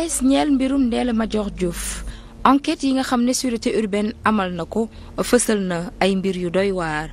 es ñeel mbirum Ndella Madior Diouf enquête yi nga xam ne sûreté urbaine amal na ko fësal na ay mbir yu doy waar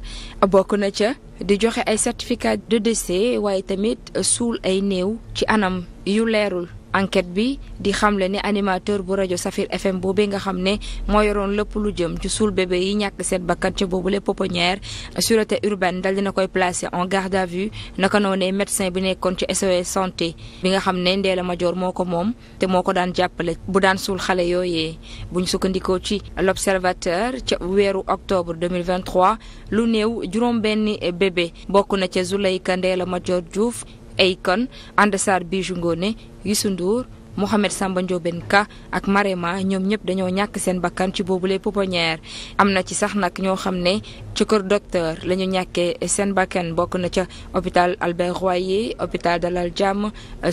bokk na ca di joxe ay certificat de décès waaye tamit suul ay néew ci anam yu leerul enquête bi di xamle ni animateur bu rajo Safir FM boobee nga xam ne moo yoroon lépp lu jëm ci suul bébé yi ñàkk seet bakkan ca boobule pouponnière sûreté urbaine dal dina koy placer en garde à vue naka noonee médecin bi nekkoon ci SOS santé bi nga xam ne Ndella major moo ko moom te moo ko daan jàppale bu daan suul xale yooyee buñ sukkandikoo ci l'observateur ca weeru octobre 2023 lu néew juróom benn bébé bokk na ca Zulaika Ndella Madior Diouf Akon Anda Sarr Bijou Ngoné Youssou Ndour Mouhamed Samba Ndiobène Ka ak Marema ñoom ñëpp dañoo ñàkk seen bakkan ci boobu boobule pouponnière am na ci sax nag ñoo xam ne ci kër docteur la ñu ñàkkee seen bakkan bokk na ca hôpital Albert Royer hôpital Dalal Jàmm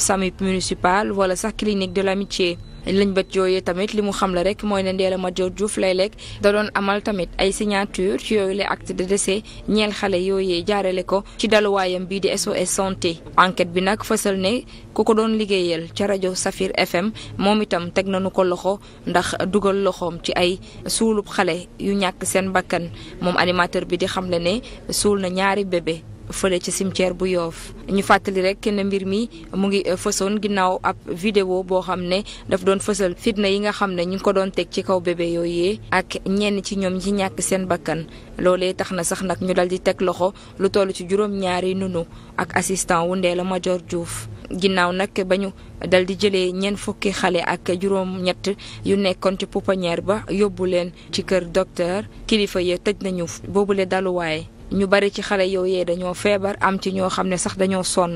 SAMU municipal wala sax clinique de l'amitié lañ bët yooyu tamit li mu xam la rek mooy ne Ndella Madior Diouf lay lekk da amal tamit ay signature ci yooyu la acte de décès ñeel xale yooyee jaarale ko ci daluwaayam bii di SOS santé enquête bi nag fësal ne ku ko doon liggéeyal ca rajo Safir FM moom itam teg nañu ko loxo ndax dugal loxoom ci ay suulub xale yu ñàkk seen bakkan moom animateur bi di xamle ne suul na ñaari bébé fële ci cimetière bu Yoff ñu fàttali rek ne mbir mi mu ngi euh, fësoon ginnaaw ab vidéo boo xam ne daf doon fësal fitna yi nga xam ne ñu ngi ko doon teg ci kaw bébé yooyee ak ñenn ci ñoom ñi ñàkk seen bakkan loolee tax na sax nag ñu dal di teg loxo lu toll ci juróom-ñaari nunu ak assistant wu Ndella Madior Diouf ginnaaw nag ba ñu dal di jëlee ñeent fukki xale ak juróom-ñett yu nekkoon ci pouponnière ba yóbbu leen ci kër docteur kilifa ya tëj nañu boobule daluwaay ñu bari ci xale yow yee dañoo feebar am ci ñoo xam ne sax dañoo sonn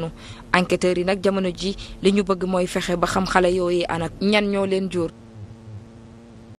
enquêteurs yi nag jamono ji li ñu bëgg mooy fexe ba xam xale yow yee ana ñan ñoo leen jur.